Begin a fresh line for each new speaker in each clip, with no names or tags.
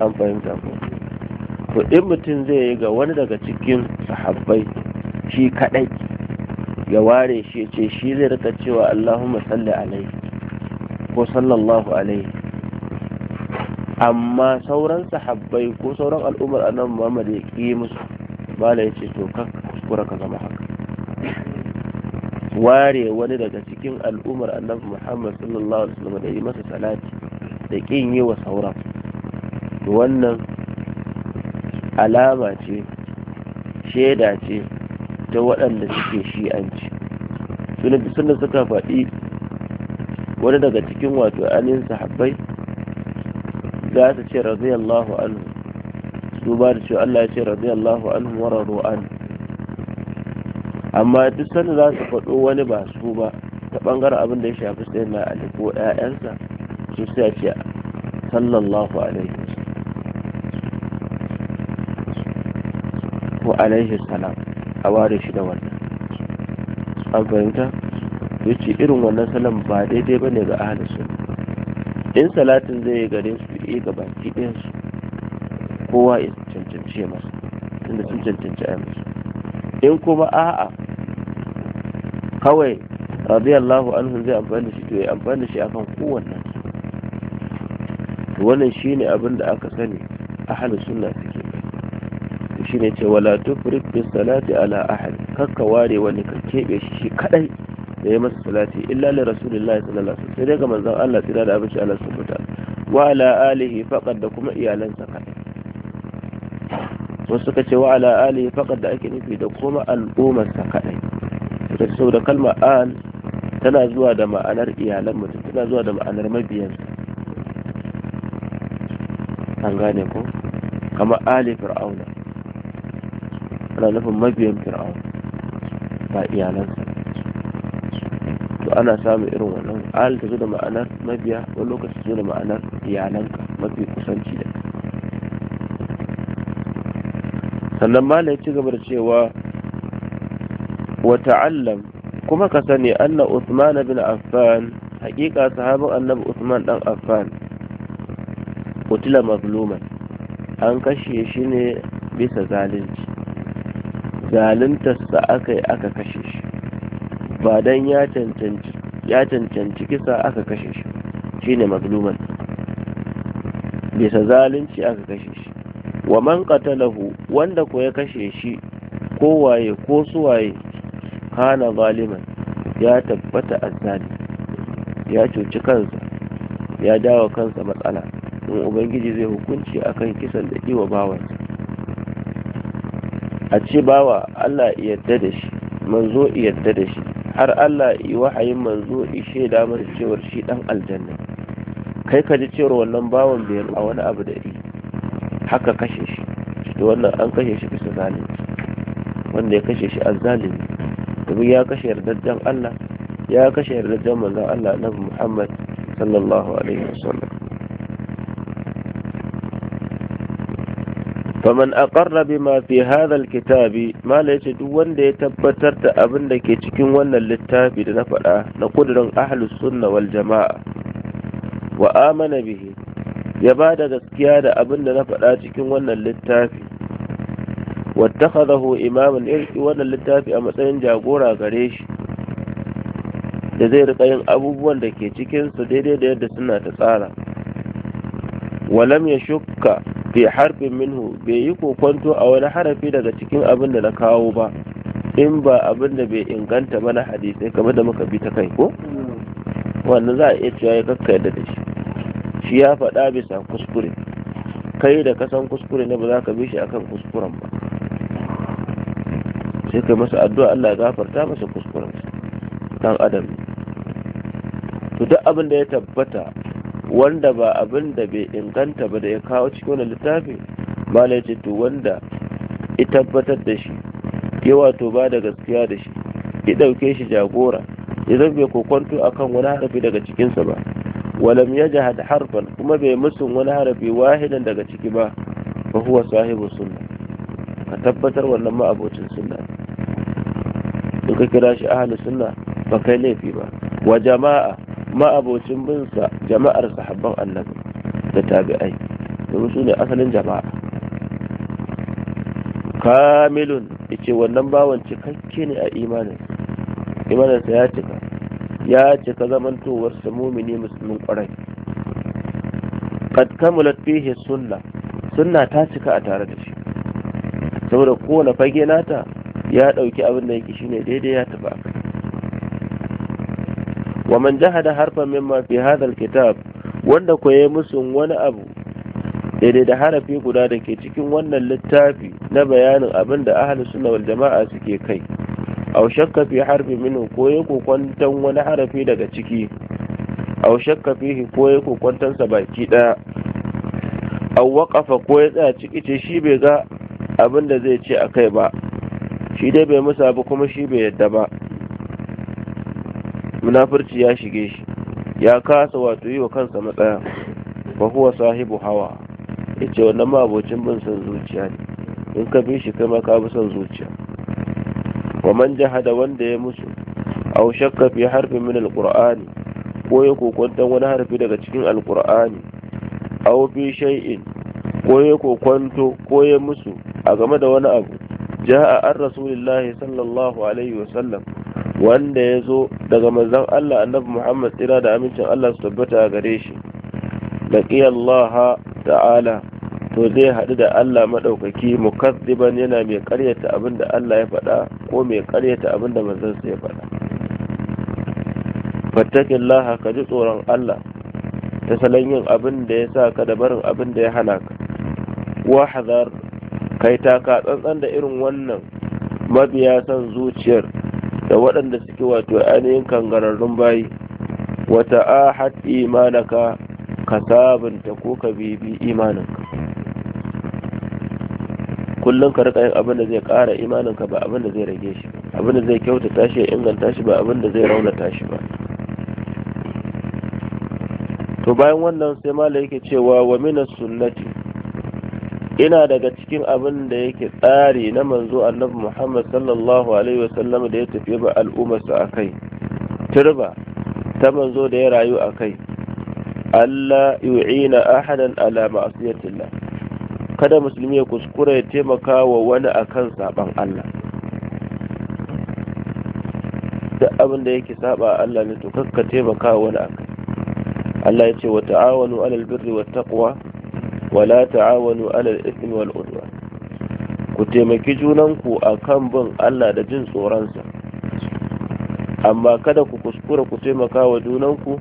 an fahimta ko to in mutum zai yi ga wani daga cikin sahabbai shi kadai ya ware shi ce shi zai rika cewa Allahumma salli alaihi ko sallallahu alaihi amma sauran sahabbai ko sauran al'ummar annabi Muhammad ya ki musu bala ya ce to ka kuskura ka zama haka ware wani daga cikin al'ummar annabi Muhammad sallallahu alaihi wasallam da yi masa salati da kin yi wa sauran to wannan alama ce shaida ce ta waɗanda suke shi'anci sun suna suka faɗi wani daga cikin wato ainihin sahabbai za su ce radiyallahu anhu su ba da cewa Allah ya ce radiyallahu anhu wa radu an amma duk sanda za su faɗo wani ba su ba ta ɓangaren abin da ya shafi sai na ali ko ƴaƴansa su sai ce sallallahu alaihi nuhu alaihi salam a ware shi da wannan an fahimta yace irin wannan salam ba daidai bane ga ahlus sunna in salatin zai yi gare su yi ga baki su kowa ya cancanci ya masa tunda sun cancanci a masa in kuma a'a kawai radiyallahu anhu zai amfani da shi to ya amfani da shi akan kowannen wannan shine abin da aka sani halin suna. suke ne ce wala tufrik bi salati ala ahad kakka ware wani ka kebe shi shi kadai da ya masa salati illa li rasulillahi sallallahu alaihi wasallam sai daga manzon Allah tsira da abinci Allah subhanahu wa ala alihi faqad da kuma iyalansa kadai wasu suka ce wa ala alihi faqad da ake nufi da kuma al'ummarsa kadai suka ce saboda kalmar al tana zuwa da ma'anar iyalan mutum tana zuwa da ma'anar mabiyansa an gane ko kamar ali fir'auna ana nufin mabiyan fir'aun ba iyalansa to ana samun irin wannan al ta zo da ma'anar mabiya wani lokaci zo da ma'anar iyalanka mafi kusanci da sannan ma ya ci gaba da cewa wata'allam kuma ka sani anna Uthman bin Affan hakika sahabin annabi Uthman dan Affan kutila mazluman an kashe shi ne bisa zalunci zaluntarsa aka yi aka kashe shi ba don ya cancanci kisa aka kashe shi shi ne mazluman bisa zalunci aka kashe shi wa man qatalahu wanda ko ya kashe shi ko waye ko suwaye kana zaliman ya tabbata azzali ya cuci kansa ya dawo kansa matsala in ubangiji zai hukunci akan kisan da iwa bawansa a ce bawa Allah yadda da shi manzo yadda da shi har Allah yi wahayin manzo ishe da masa cewar shi dan aljanna kai ka ji cewar wannan bawan biyar a wani abu da yi haka kashe shi to wannan an kashe shi bisa zalunci wanda ya kashe shi azzalimi domin ya kashe yardajjen Allah ya kashe yardajjen manzon Allah Annabi Muhammad sallallahu alaihi wasallam faman aqarra ma fi kitabi, alkitabi mala yace duk wanda ya tabbatar da abin da ke cikin wannan littafi da na faɗa na kudurin ahlus sunna wal jama'a wa amana bihi ya ba da gaskiya da abin da na faɗa cikin wannan littafi wattakhadahu imaman irki wannan littafi a matsayin jagora gare shi da zai rika yin abubuwan da ke cikin daidai da yadda suna ta tsara walam ya shuka. fi harfin minhu bai yi kokonto a wani harafi daga cikin abin da na kawo ba in ba abin da bai inganta mana hadisai kamar da muka bi ta kai ko wannan za a iya cewa ya kakka yadda da shi shi ya faɗa bisa kuskure kai da kasan kuskure ne ba za ka bi shi akan kuskuren ba sai kai masa addu'a Allah ya gafarta masa kuskuren dan adam to duk abin da ya tabbata wanda ba abin da bai inganta ba da ya kawo cikin wani littafi malai ce to wanda ya tabbatar da shi ya wato ba da gaskiya da shi ya ɗauke shi jagora ya zan bai a akan wani harafi daga cikinsa ba walam ya jahad harfan kuma bai musun wani harafi wahidan daga ciki ba ba huwa sahibu sunna ka tabbatar wannan ma abocin sunna in kira shi ahlus sunna ba kai laifi ba wa jama'a ma'abocin binsa jama'ar sahabban annabi da tabi'ai domin su ne asalin jama'a kamilun ce wannan bawan cikakke ne a imanin imaninsa ya cika ya cika zamantowarsa mumini musulmin kwarai kad kamulat fihi sunna sunna ta cika a tare da shi saboda kowane fage nata ya ɗauki abin da yake shine daidai ya tafi a wa جهد حرفا harfan في هذا الكتاب wanda ko yayi musun wani abu daidai da harafi guda da ke cikin wannan littafi na bayanin abinda da ahlus sunna wal jama'a suke kai aw shakka fi harfi minhu ko yayi kokwantan wani harafi daga ciki aw shakka fihi ko yayi kokwantan sa baki daya aw waqafa ko ya tsaya ciki ce shi bai ga abin da zai ce akai ba shi dai bai musa ba kuma shi bai yadda ba munafurci ya shige shi ya kasa wato yi wa kansa matsaya Ba kuwa sahibu hawa Ya ce wannan mabocin bin son zuciya ne in ka bi shi kai ma ka bi son zuciya wa man jahada wanda ya musu aw shakka fi harfin min alqur'ani ko ya kokonta wani harfi daga cikin alqur'ani aw fi shay'in ko ya kokonto ko ya musu a game da wani abu ja'a an rasulillahi sallallahu alaihi wa sallam wanda ya zo daga manzon Allah annabi Muhammad tsira da amincin Allah su tabbata a gare shi laqiya Allah ta'ala to zai haɗu da Allah maɗaukaki mukazziban yana mai ƙaryata abin da Allah ya faɗa ko mai ƙaryata abin da manzansa ya faɗa fattakin laha ka ji tsoron Allah ta salon yin abin da ya sa ka da barin abin da ya hana ka Wa hazar kai taka tsantsan da irin wannan mabiya son zuciyar da waɗanda suke wato ainihin kangararrun bayi wata ahat imanaka ka sabunta ko ka bibi imaninka kullum ka rika yin abin da zai ƙara imaninka ba abin da zai rage shi abin da zai kyauta tashi ya inganta shi ba abin da zai raunata shi ba to bayan wannan sai mala yake cewa wa minas sunnati ina daga cikin abin da yake tsari na manzo annabi muhammad sallallahu alaihi wasallam da ya tafi ba al'ummarsa a kai turba ta manzo da ya rayu a kai allah yu'ina ahadan ala ma'asiyatillah kada musulmi ya kuskure ya taimaka wa wani akan saban allah duk abin da yake saba allah ne to kakka taimaka wa wani akai allah ya ce wa ta'awanu alal birri wa taqwa wala ta'awanu alal ismi wal udwan ku taimaki junanku akan bin Allah da jin tsoronsa amma kada ku kuskura ku taimaka wa junanku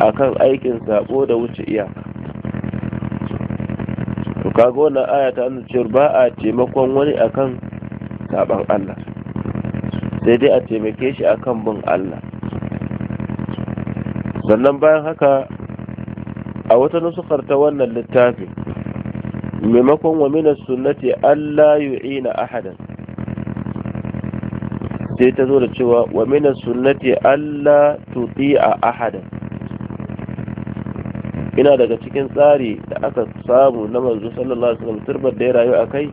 akan aikin sabo da wuce iyaka to kaga wannan aya ta nuna ba a taimakon wani akan saban Allah sai dai a taimake shi akan bin Allah sannan bayan haka a wata nusukar ta wannan littafin maimakon wa minas sunnati Allah yu'ina ahadan sai ta zo da cewa wa minas sunnati Allah tuti'a ahadan ina daga cikin tsari da aka samu na manzo sallallahu alaihi wasallam turbar da ya rayu a kai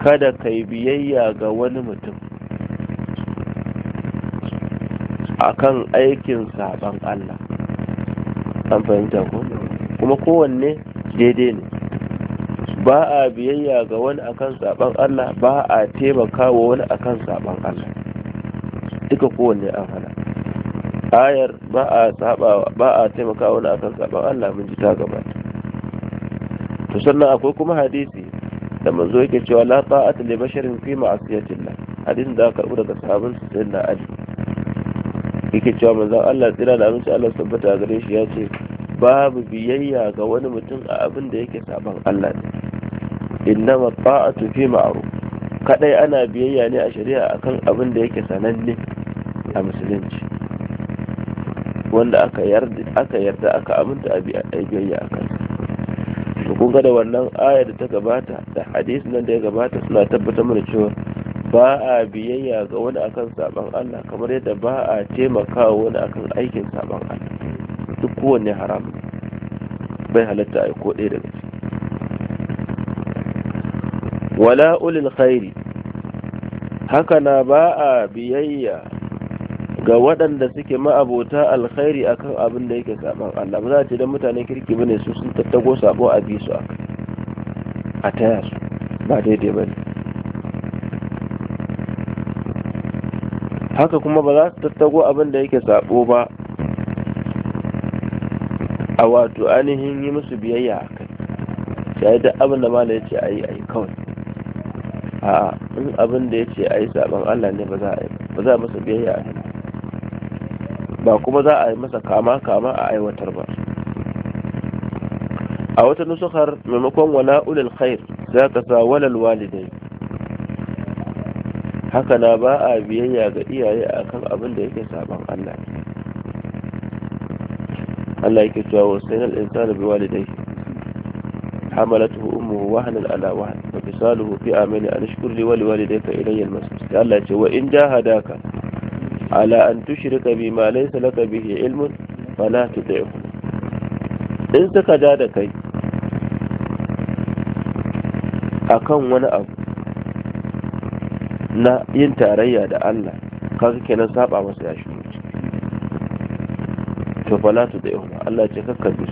kada kai biyayya ga wani mutum akan aikin saban Allah an fahimta ko kuma kowanne daidai ne ba a biyayya ga wani akan saban Allah ba a taimaka wa wani akan saban Allah duka kowanne an hana ayar ba a saba ba a taimaka wani akan saban Allah mun ji ta gaba to sannan akwai kuma hadisi da manzo yake cewa la ta'at li basharin fi ma'asiyatillah hadin da aka karbu daga sahabin sayyidina Ali yake cewa manzo Allah tsira da aminci Allah tabbata gare shi ya ce babu biyayya ga wani mutum a abin da yake saban Allah ne innama ta'atu fi ma'ruf kadai ana biyayya ne a shari'a akan abin da yake sananne a musulunci wanda aka yarda aka yarda aka aminta a biyayya akan to kun ga da wannan ayar da ta gabata da hadisi nan da ya gabata suna tabbatar mana cewa ba a biyayya ga wani akan saban Allah kamar yadda ba a taimakawa wani akan aikin saban Allah duk kowanne haram bai halatta a ko ɗaya daga ciki wala ulil khairi haka na ba a biyayya ga waɗanda suke ma'abota alkhairi akan abin da yake saman Allah ba za a ce don mutane kirki bane su sun tattago sabo a bi su aka a taya su ba daidai ba ne haka kuma ba za su tattago abin da yake sabo ba a wato ainihin yi musu biyayya a kai sai da abin da mala ya ce a yi a yi kawai a in abin da ya ce a yi saɓon allah ne ba za a yi ba za a masa biyayya a kai ba kuma za a yi masa kama kama a aiwatar ba a wata nusukar maimakon wala ulil khair za ka sa walal walidai haka na ba a biyayya ga iyaye akan abin da yake saɓon allah ne Allah yake cewa wa sayyidal insanu bi walidayhi hamalatuhu ummuhu wahanan ala wahan wa fisaluhu fi amali an ashkur li wa liwalidayka ilayya yin masir sai Allah ya ce wa in jahadaka ala an tushrika bi ma laysa laka bihi ilmun fala tuti'hu in suka ja da kai a kan wani abu na yin tarayya da Allah kaga kenan saba masa ya shigo to la tu da ihuma Allah ce kakka su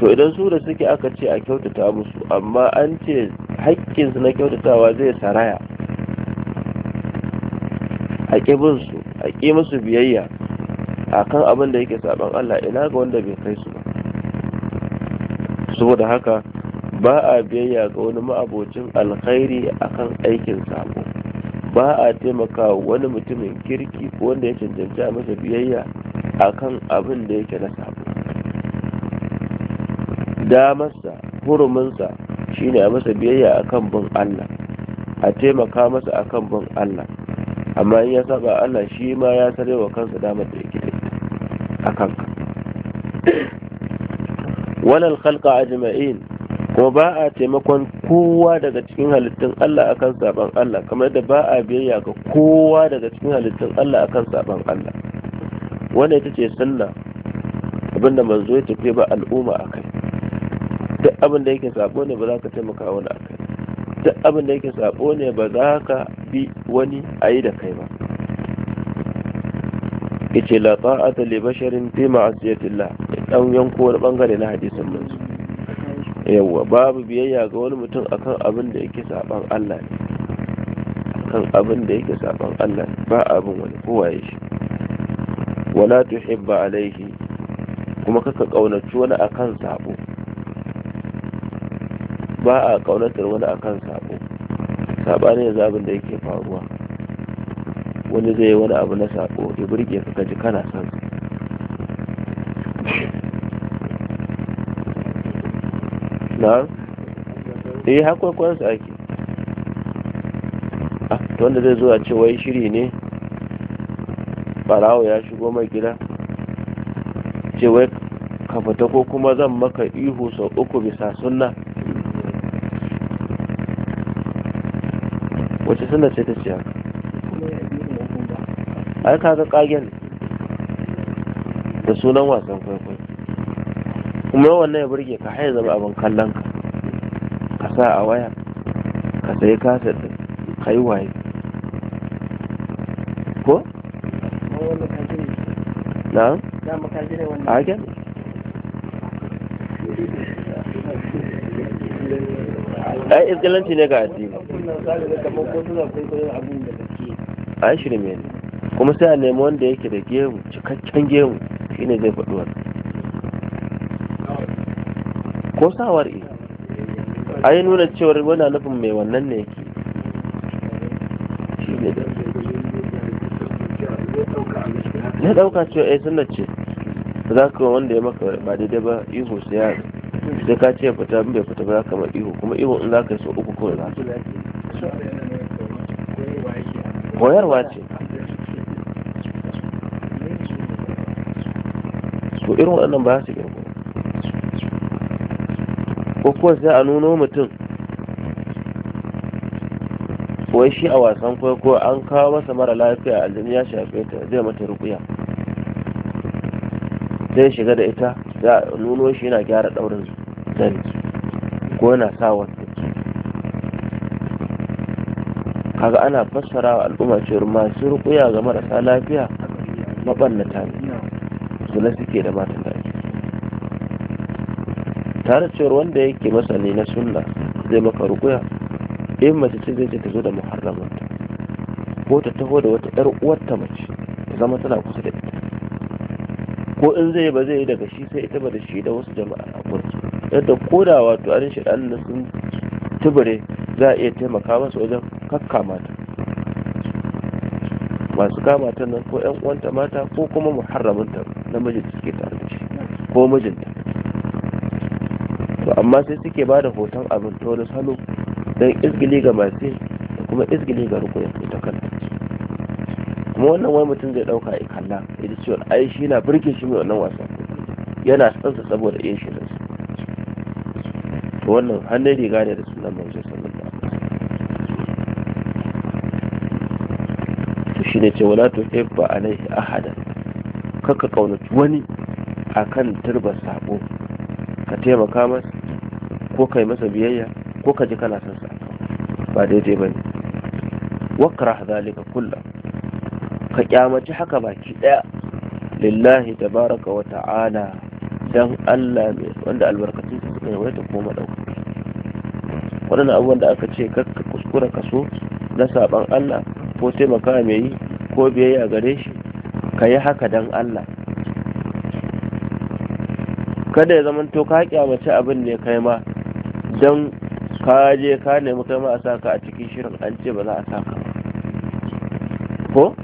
to idan su da suke aka ce a kyautata musu amma an ce haƙƙin su na kyautatawa zai saraya a ƙibin su a ƙi musu biyayya akan abin da yake saban Allah ina ga wanda bai kai su ba saboda haka ba a biyayya ga wani ma'abocin alkhairi akan aikin sabo ba a taimaka wani mutumin kirki wanda ya cancanci a masa biyayya akan abin da yake na sabo damarsa huruminsa shine a masa biyayya akan bin Allah a taimaka masa akan bin Allah amma in ya saba Allah shi ma ya wa kansa damar da yake a kanka walal khalqa ajma'in ko ba a taimakon kowa daga cikin halittun Allah akan saban Allah kamar da ba a biyayya ga kowa daga cikin halittun Allah akan saban Allah wannan ita ce sunna abinda manzo ya tafi ba al'umma a kai duk abin da yake sabo ne ba za ka taimaka wani a kai duk abin da yake sabo ne ba za ka bi wani a yi da kai ba yace la ta'ata li basharin fi ma'asiyatillah dan yanko wani bangare na hadisin manzo yawa babu biyayya ga wani mutum akan abin da yake saban Allah ne akan abin da yake saban Allah ba abin wani kowaye shi wala tuhibba alaihi kuma kaka kaunaci wani akan sabo ba a kaunatar wani akan sabo sabani ne zabin da yake faruwa wani zai yi wani abu na sabo ya burge ka ji kana son na eh hakwai kwansa ake ah, to wanda zai zo a ce wai shiri ne barawo ya shigo mai gida ce wai ka fita ko kuma zan maka ihu sau uku bisa sunna wace sunna ce ta ce haka ai kaga kagen da sunan wasan kwaikwayo kuma wannan ya burge ka haya zama abin kallon ka ka sa a waya ka sai ka da kai waye ai izgalanci ne ga addini a shirme ne kuma sai a nemi wanda yake da gemu cikakken gemu shine zai faɗuwa. ko sawar iya eh. ai nuna cewar wani nufin mai wannan ne yake ya dauka cewa ai eh, sunna ce za ka wanda ya maka ba daidai ba ihu sai ya da ka ce fita bai fita ba za ka mai ihu kuma ihu in za ka yi so uku kawai za koyarwa ce to irin waɗannan ba su girma ko kuwa sai a nuno mutum wai shi a wasan kwaikwayo an kawo masa mara lafiya a ya shafe ta zai mata rukuya zai shiga da ita za a nuno shi yana gyara daurin zani ko yana sa wata kaga ana fassara wa al'umma cewar masu rukuya ga marasa lafiya mabannata ne na suke da matan da tare cewar wanda yake masani na sunna zai maka rukuya in mace ce zai ce ta zo da muharramin ko ta taho da wata yar uwarta mace ta zama tana kusa da ita ko in zai ba zai yi daga shi sai ita ba da shi da wasu jama'a a kurki yadda ko da wato an shi dan da sun tubure za a iya taimaka masu wajen kakka mata, masu kama ta nan ko yan uwanta mata ko kuma muharramin ta namijin da suke tare da shi ko mijinta to amma sai suke ba da hoton abin to da salo don izgili ga masu da kuma izgili ga rukunin ita kanta kuma wannan wani mutum zai dauka ya kalla ya ji cewa ai shi na birge shi mai wannan wasa yana sansa saboda iya shirin to wannan hannun riga ne da sunan manzo sallallahu alaihi wasallam shi ne ce wala to ibba alaihi ahada kaka kaunaci wani akan turba sabo ka taimaka masa ko kai masa biyayya ko ka ji kana son ba daidai ba ne wakra zalika kulla ka kyamaci haka baki daya lillahi tabaraka wa ta'ala dan Allah mai wanda albarkatun su suka yawaita ko madauka waɗannan abubuwan da aka ce kakka kuskura kaso na saban Allah ko taimaka mai yi ko biyayya gare shi ka yi haka dan Allah kada ya zamanto ka kyamaci abin ne kai ma don ka je ka nemi kai ma a ka a cikin shirin an ce ba za a ba? ko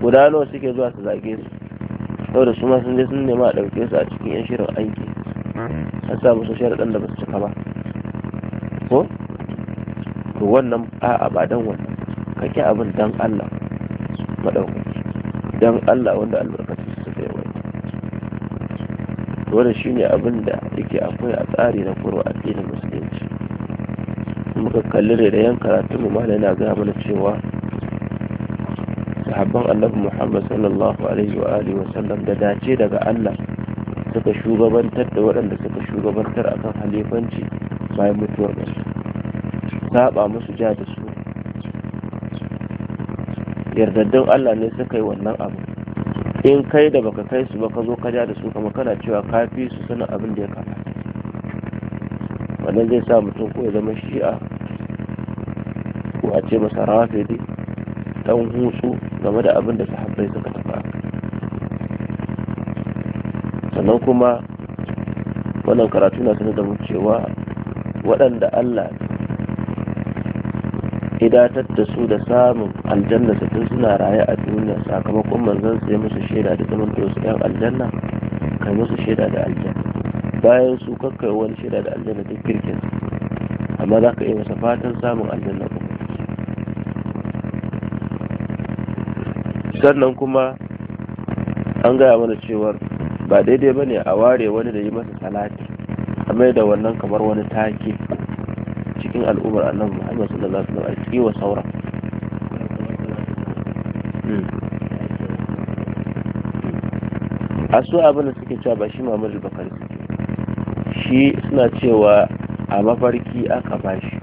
guda nawa suke zuwa su zage su saboda su ma sun je sun nema a ɗauke su a cikin yan shirin aiki an sa musu sharaɗan da ba su cika ba ko to wannan a'a ba dan wannan ka ƙi abin dan Allah maɗaukaki dan Allah wanda albarkaci su kai wani wannan shine abin da yake akwai a tsari na kurwa addinin musulmi muka kalli rairayen karatun mu ma yana gaya mana cewa sahabban annabi muhammad sallallahu alaihi wa alihi wa sallam da dace daga allah suka shugabantar da waɗanda suka shugabantar akan halifanci bayan mutuwar da su saba musu ja da su yardaddun allah ne suka yi wannan abu in kai da baka kai su ba ka zo ka ja da su kama kana cewa ka fi su sanin abin da ya kamata wannan zai sa mutum ko ya zama shi'a a ce masa dai dan husu game da abin da sahabbai suka tafa sannan kuma wannan karatu na sanar da mu cewa waɗanda Allah idatar da su da samun aljanna tun suna raye a duniya sakamakon manzon sai musu shaida da zaman da wasu yan aljanna kai musu shaida da aljanna bayan su kakkai wani shaida da aljanna duk kirkin amma za ka iya masa fatan samun aljanna sannan kuma an gaya mana cewar ba daidai ba ne a ware wani da yi masa salati a mai da wannan kamar wani take cikin al'ummar annabi muhammad sallallahu alaihi wasallam a wa sauran hmm. a su abin da suke cewa ba shi mamadu bakari shi suna cewa a mafarki aka bashi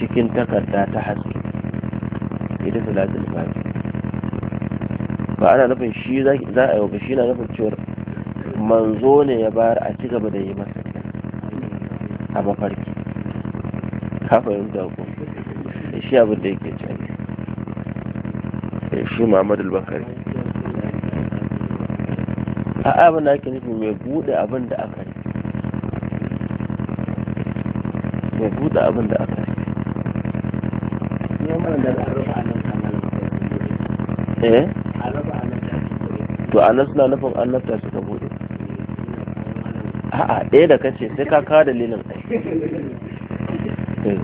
cikin takarda ta haske ita Salatin fatiha ba ana nufin shi za a yi ba shi na nufin cewar manzo ne ya bayar a ci gaba da yi masa a mafarki ka fahimta ko shi abin da yake cewa shi muhammadu bakari a abin da ake nufi mai bude abin da aka yi mai bude abin da aka yi eh to nan suna nufin an lafta suka bude a'a ɗaya da kace sai ka kawo dalilin eh,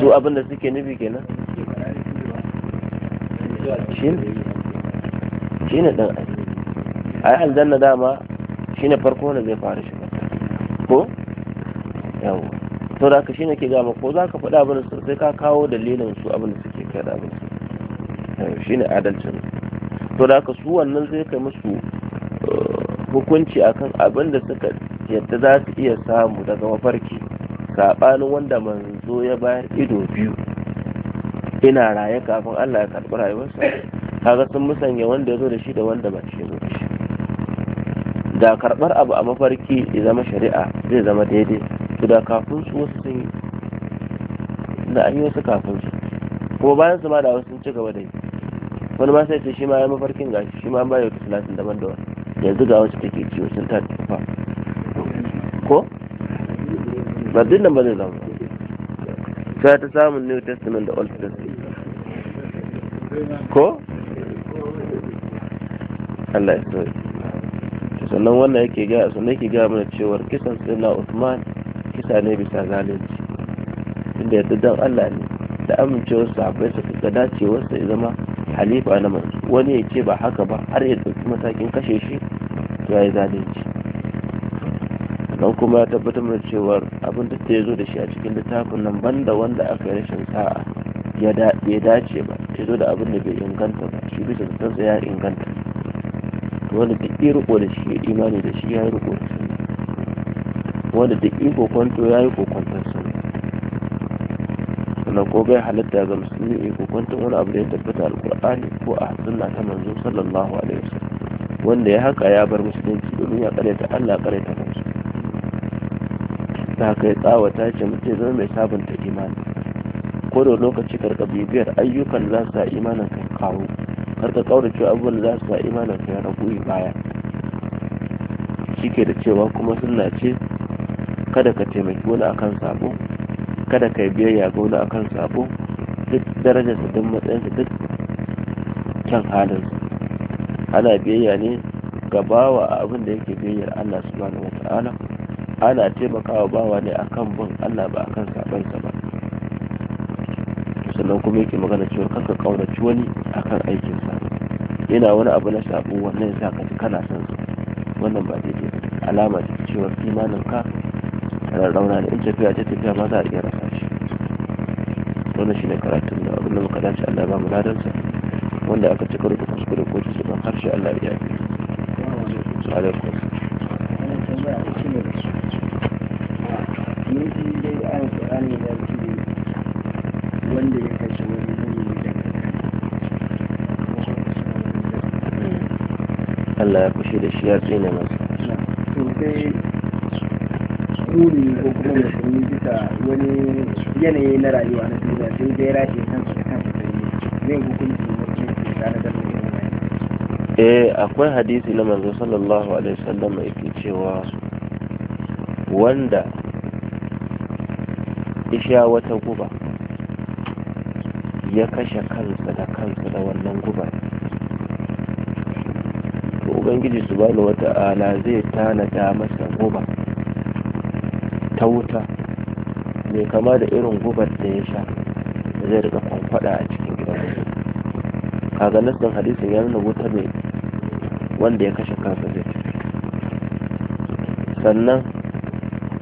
su abin da suke nufi kenan shi ne ɗan ai ai aljanna dama shi ne farko da zai fara shiga ko yawo to da ka shi ne ke gama ko za ka faɗa abin da sai ka kawo dalilin su abin da suke kai da abin su eh, shi ne adalcin to da su wannan zai kai musu eh, hukunci akan abin da suka yadda za su iya samu daga mafarki saɓanin wanda manzo ya bayar ido biyu ina raye kafin Allah ya karɓi rayuwarsa kaga sun musanya wanda ya zo da shi da wanda ba shi zo da shi da karɓar abu a mafarki ya zama shari'a zai zama daidai to da kafin su wasu sun yi da an yi wasu kafin su kuma bayan su ma da wasu sun ci gaba da yi wani ma sai shi ma ya mafarkin gashi shi ma an bayar da salatin daban da wani yanzu ga wacce take ciwo sun ta tufa ko ba duk nan ba zai zama sai ta samun new testament da old testament ko Allah ya soya sannan wannan yake ga sannan yake ga mana cewar kisan na Uthman kisa ne bisa zalunci inda yadda dan Allah ne da amincewar sahabbai su dace cewar ya zama halifa na mace wani ya ce ba haka ba har ya ɗauki matakin kashe shi to ya yi zalunci don kuma ya tabbatar da cewar abin duk da ya zo da shi a cikin littafin nan banda wanda aka yi rashin sa'a ya dace ba ya zo da abin da bai inganta ba shi bisa da ya inganta wanda duk ya riko da shi ya imani da shi ya yi riko da shi wanda duk ya kokonto ya yi kokonton Wannan ko bai halatta ga musulmi ko kwantar wani abu da ya tabbata alkur'ani ko a sunna ta manzo sallallahu alaihi wasallam wanda ya haka ya bar musulunci domin ya karyata Allah karyata manzo ta kai tsawata ce mutum zama mai sabunta imani ko da lokaci karka bibiyar ayyukan za su sa imanin kai kawo karka ce abubuwan za su sa imanin kai ragu baya shi ke da cewa kuma sunna ce kada ka taimaki wani akan sabo kada kai biyayya ga wani akan sabo duk darajarsa duk matsayinsa duk kyan halinsa ana biyayya ne ga bawa a abin da yake biyayyar Allah subhanahu wata'ala ana taimakawa bawa ne akan bin Allah ba akan sabansa ba sannan kuma yake magana cewa kanka kaunaci wani akan aikinsa yana wani abu na sabo wannan ya sa ka kana san su wannan ba daidai alama ce cewa imanin ka yana rauna da in tafiya ce tafiya ma za a iya rasa shi wannan shi ne karatun da abin da muka dace Allah ba mu ladansa wanda aka cika rufe kuskure ko su ban harshe Allah ya yi alaikum Allah ya kushe da shi ya tsine masa. buri ko kuma musulmi bisa wani yanayi na rayuwa na duniya sai dai rashe kansu
da kansa da yi zai hukunci mutum ke tare da
eh akwai hadisi na manzo sallallahu alaihi wasallam yake cewa wanda isha wata guba ya kashe kansa da kansa da wannan guba to ubangiji subhanahu wata'ala zai tanada masa guba ta wuta mai kama da irin gubar da ya sha da zai rika kwankwada a cikin gidan kaga nasin hadisin ya nuna wuta mai wanda ya kashe kansa zai sannan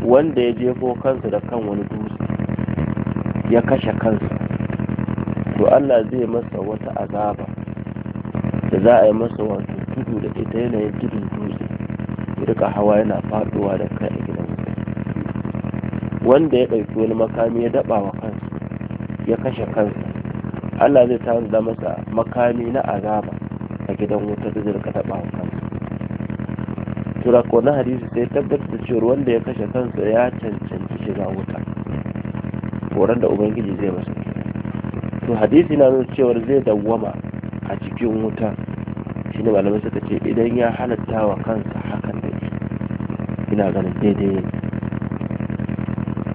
wanda ya jefo kansa da kan wani dutse ya kashe kansa to Allah zai masa wata azaba da za a yi masa wato tudu da ita yanayin tudun dutse ya hawa yana faduwa da kai wanda ya ɗauki wani makami ya daɓa wa kansa ya kashe kansa Allah zai da masa makami na azaba a gidan wuta da zirka daɓa wa kansa turako na hadisi sai tabbatar da cewa wanda ya kashe kansa ya cancanci shiga wuta horar da ubangiji zai masa to hadisi na nuna cewar zai dawwama a cikin wuta shine malamai suka ce idan ya halatta wa kansa hakan da ina ganin daidai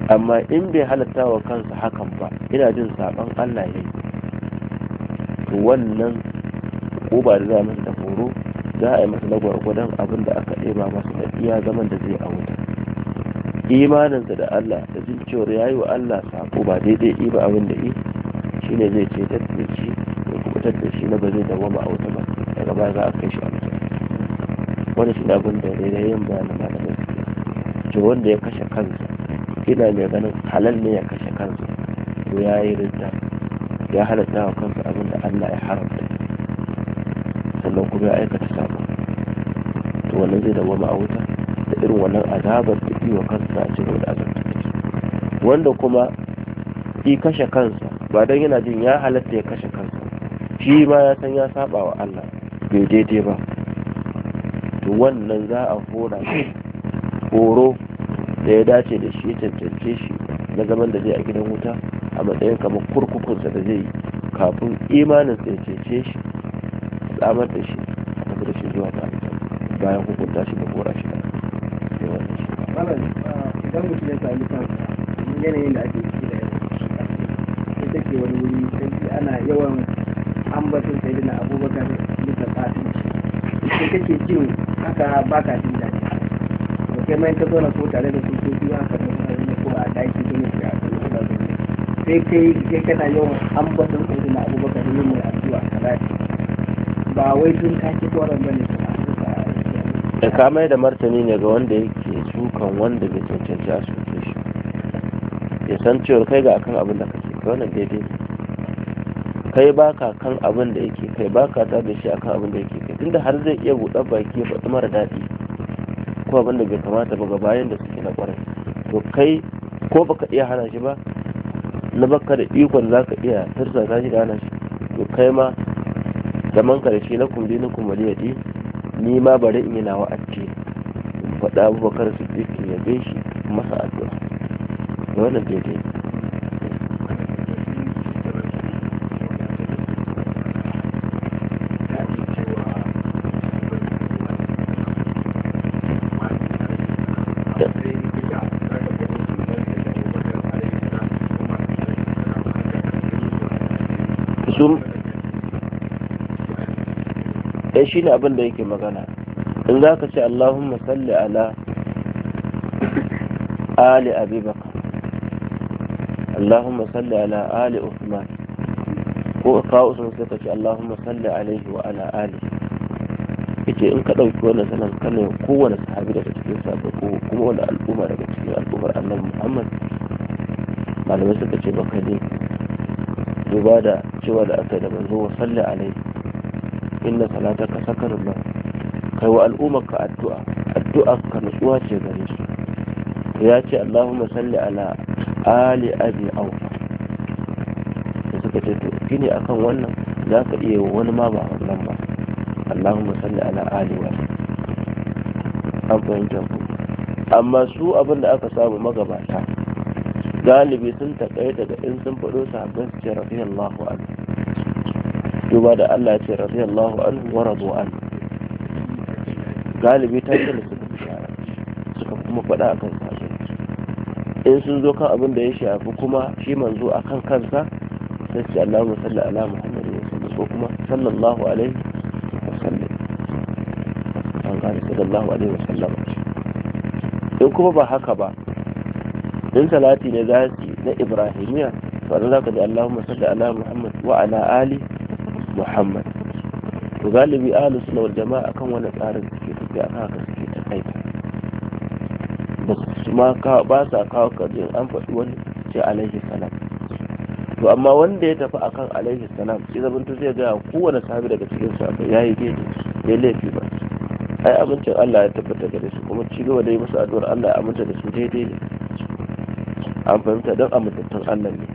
amma in bai halatta wa kansa hakan ba ina jin saban Allah ya yi to wannan ko ba da za masa da horo za a yi masa na gwargwadon abin da aka ɗeba masa da iya zaman da zai a wuta imaninsa da Allah da jin cewar ya yi wa Allah sako ba daidai yi ba abin da yi shi ne zai ce da kuma ya shi na ba zai dawama a wuta ba daga baya za a kai shi a wuta wani shi abin da daidai yin bayanin malamai ce wanda ya kashe kansa yana mai ganin halal ne ya kashe kansa to ya yi rinta ya halatta wa kansa abin da Allah ya haramta sannan kuma ya aikata sabon to wannan zai dawo a wuta da irin wannan azabar da yi wa kansa a cikin da azabta wanda kuma i kashe kansa ba don yana jin ya halatta ya kashe kansa shi ma ya san ya saba wa Allah bai daidai ba to wannan za a hora horo da ya dace da shi ya cancance shi na zaman da zai a gidan wuta a matsayin kamar kurkukunsa da zai kafin imanin tantance cece shi tsamar da shi a tafi da shi zuwa ga bayan hukunta shi da kora shi da wannan shi
ah, idan mutum ya sami kansa yanayin da ake ciki da yanayi ita ke wani wuri sai ana yawan ambatin sai na abubakar bisa fatin shi sai
kake jin haka baka jin daɗi kai mai ka zauna ko tare da sojoji zama da mutane ko a daki ko ne ka zauna da ne. sai kai kai kana yawan ambaton
sai na abubakar ne mai addu'a lati ba wai tun ka ci koran bane
da ka mai da martani ne ga wanda yake sukan wanda bai cancanci a soke shi ya san cewar kai ga akan abin da kake kai wannan daidai kai baka kan abin da yake kai baka ta da shi akan abin da yake kai tunda har zai iya buɗa baki ya faɗi mara daɗi ko abin da bai kamata ba ga bayan da suke na kwarai to kai ko baka iya hana shi ba na baka da ikon za ka iya tarsa ta shi da hana shi to kai ma zaman shi na kumbi na kumaliyadi ni ma bari in yi nawa a ce faɗa abubakar su ya yabe shi masa addu'a wannan daidai shi ne abin da yake magana in za ka ce Allahumma salli ala ali abi bakr Allahumma salli ala ali Uthman ko kawo usman sai ka ce Allahumma salli alaihi wa ala ali yace in ka ɗauki wannan sanan kana kowane sahabi daga cikin sahabbai ko kuma wani al'umma daga cikin al'ummar Annabi Muhammad malamai suka ce baka ne duba da cewa da aka da manzo wa salli alaihi inna salataka sakarun nan kai wa ka addu'a addu'a ka nutsuwa ce gare su ya ce Allahumma salli ala ali abi aufa da suka ce to gini akan wannan za ka iya wani ma ba wannan ba Allahumma salli ala ali wa an fahimta ku amma su abin da aka samu magabata galibi sun taƙaita da in sun faɗo sahabbai su ce rafiyallahu alaihi duba da Allah ya ce radiyallahu anhu wa radu an galibi ta da suka fi shara suka kuma faɗa akan kasuwanci in sun zo kan abin da ya shafi kuma shi manzo akan kansa sai ce Allahumma salli ala Muhammadin wa sallam ko kuma sallallahu alaihi wa sallam an gane sallallahu alaihi wa sallam in kuma ba haka ba in salati ne za su na Ibrahimiyya to za ka ji Allahumma salli ala Muhammad wa ala ali muhammad to galibi ahlus sunna wal jama'a kan wani tsarin suke tafiya akan haka suke ta kai ba su ma ba sa kawo kajin an faɗi wani ce alaihi salam to amma wanda ya tafi akan alaihi salam shi zaman to zai ga kowane sahabi daga cikin su ya yi gidi ya laifi ba ai abincin Allah ya tabbata gare su kuma ci gaba da yi musu addu'ar Allah ya aminta da su daidai ne an fahimta don amintattun Allah ne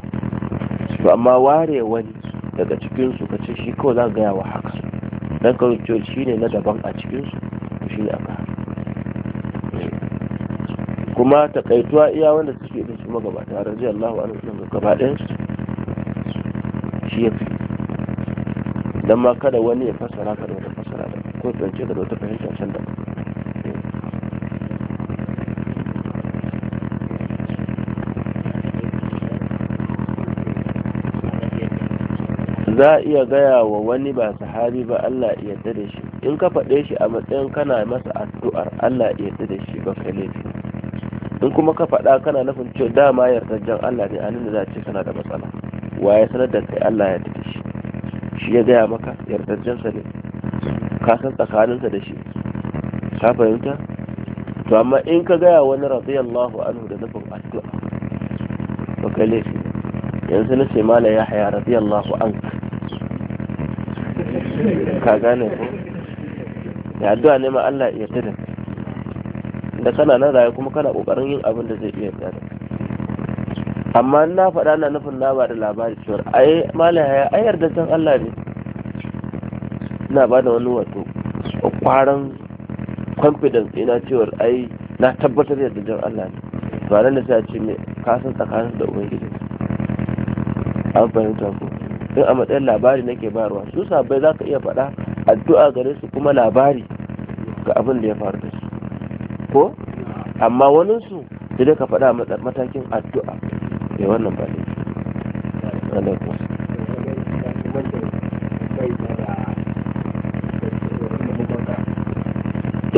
to amma ware wani daga su ka ce shi ko za ka gaya wa haka su dan ka rubuce shi ne na daban a cikin su shi ne aka kuma takaituwa iya wanda suke da su magabata radiyallahu anhu nan gaba ɗayan su shi ya fi dan ma kada wani ya fassara ka da wata fassara da ko tsance da wata
fahimta can ba
za a iya gaya wa wani ba sahabi ba Allah ya yarda da shi in ka faɗe shi a matsayin kana masa addu'ar Allah ya yarda da shi ba kai laifi in kuma ka faɗa kana nufin cewa dama yardajen Allah ne anan da za a ce kana da matsala waye sanar da kai Allah ya yarda shi shi ya gaya maka yardajensa ne ka san tsakaninsa da shi ka fahimta to amma in ka gaya wani radiyallahu anhu da nufin addu'a ba kai laifi yanzu na ce mala ya haya radiyallahu anka ka gane ko ya addu'a ne ma Allah ya yarda da kana nan raye kuma kana kokarin yin abin da zai iya yarda amma na faɗa na nufin na ba da labari cewar ai haya ai yarda san Allah ne na ba da wani wato kwaran confidence ina cewar ai na tabbatar da yardan Allah ne to nan da sai a ce ne ka san tsakanin da ubangiji an fahimta ko in a matsayin labari nake bayarwa su sabai za ka iya faɗa addu'a gare su kuma labari ga abin da ya faru da su ko amma wani su da ka faɗa matakin addu'a ya eh, wannan ba ne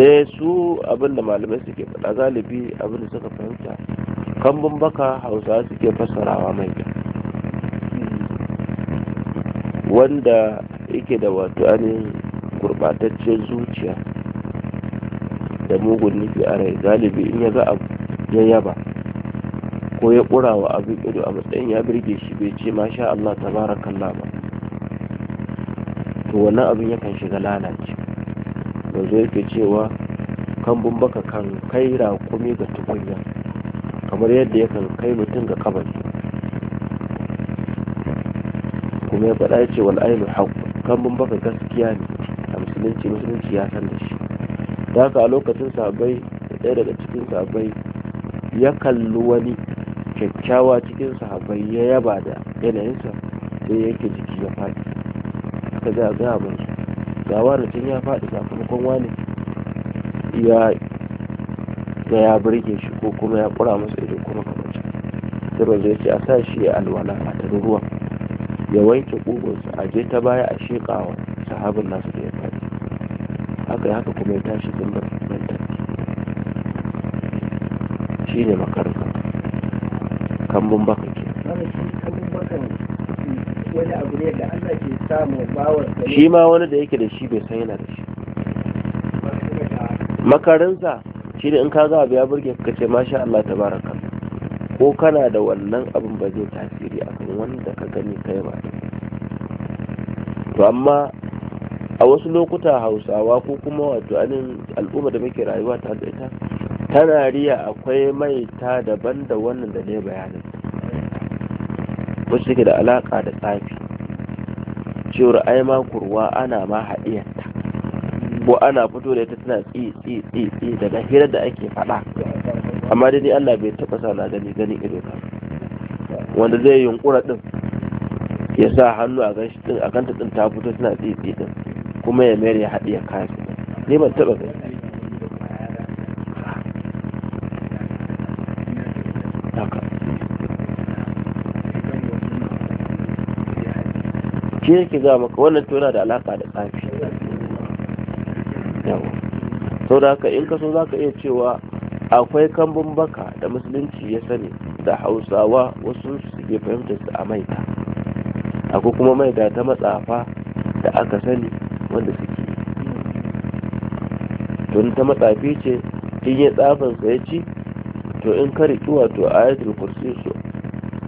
eh su abin da malamai suke faɗa galibi abin da suka fahimta kan baka hausawa suke fassarawa mai kyau wanda yake da wato ainihin gurɓatacciyar zuciya da mugun nufi a rai galibi in ya za a ya yaba ko ya ƙura wa abin ido a matsayin ya birge shi bai ce masha Allah tabarakallah ba to wannan abin yakan shiga lalace yanzu yake cewa kan bumbaka kan kai rakumi ga tukunya kamar yadda yakan kai mutum ga kabari kuma ya faɗa ya ce wal ainu kan mun baka gaskiya ne a musulunci musulunci ya san da shi da haka a lokacin sahabbai da ɗaya daga cikin sahabbai ya kalli wani kyakkyawa cikin sahabbai ya yaba da yanayinsa sai yake jiki ya faɗi aka ga ga abin ga wani tun ya faɗi sakamakon wani ya ga ya burge shi ko kuma ya kura masa ido kuma kamar sai ba zai ce a sa shi ya alwala a tarurwa ruwa ya wanke ƙugunsa a je ta baya a sheƙawa sahabin nasu da ya faɗi haka haka kuma ya tashi zimbar nan take shi ne makarfa kambun baka ke shi ma wani da yake da shi bai san yana da shi makarinsa shi ne in ka ga abu ya burge ka ce masha Allah baraka ko kana da wannan abin ba zai tafi wanda ka gani kai ba to amma a wasu lokuta hausawa ko kuma wato anin al'umma da muke rayuwa ta da ita tana riya akwai mai ta daban da wannan da ne bayanin wasu da alaka da tsafi cewar ai ma kurwa ana ma haɗiyarta ko ana fito da ita tana tsi tsi tsi tsi daga hira da ake faɗa amma dai Allah bai taɓa sa na gani ganin ido ba wanda zai yunkura din ya sa hannu a ganshi din a kanta din ta fito tana tsitsi din kuma ya mayar ya haɗe ya kafi ne ban taɓa gani ke yake ga maka wannan tona da alaka da tsafi yawa sau da haka in ka so za ka iya cewa akwai kambun baka da musulunci ya sani da hausawa wasu suke fahimtar su a maita akwai kuma maita ta matsafa da aka sani wanda suke to ta matsafi ce in ya sa ya ci to in ka riki wato ayatul kursi su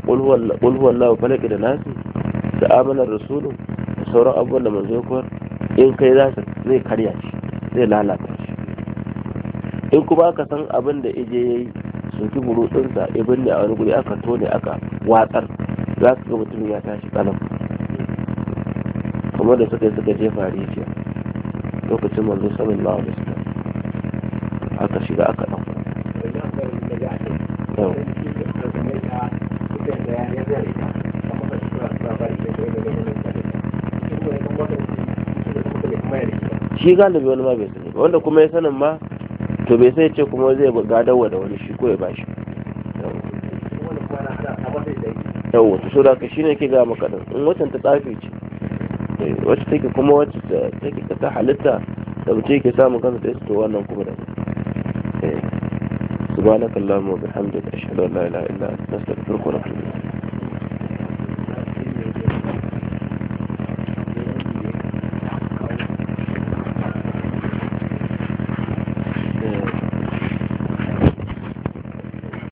ulhuwallahu falaki da nasi da amanar rasulun da sauran abubuwan da manzo in kai za su zai karya shi zai lalata shi in kuma ka san abin da ije ya yi soki buru ɗinsa ya binne a wani guri aka tone aka watsar za su ga mutum ya tashi tsalam kamar da suka yi suka jefa rijiya lokacin manzo sallallahu da suka aka shiga aka ɗauko shi galibi wani ma bai sani ba wanda kuma ya sanin ma to bai sai ce kuma zai ga dawa da wani shi ko ya ba shi yau wata so da ka shi ne ke gama kaɗan in watan ta tsafi ce eh, wacce take kuma wacce ta take ta halitta da mutu ke samun kansa ta isa to wannan kuma da eh, su ba na kallon mu bihamdu da shi lalala ila nasta da turkuna tuni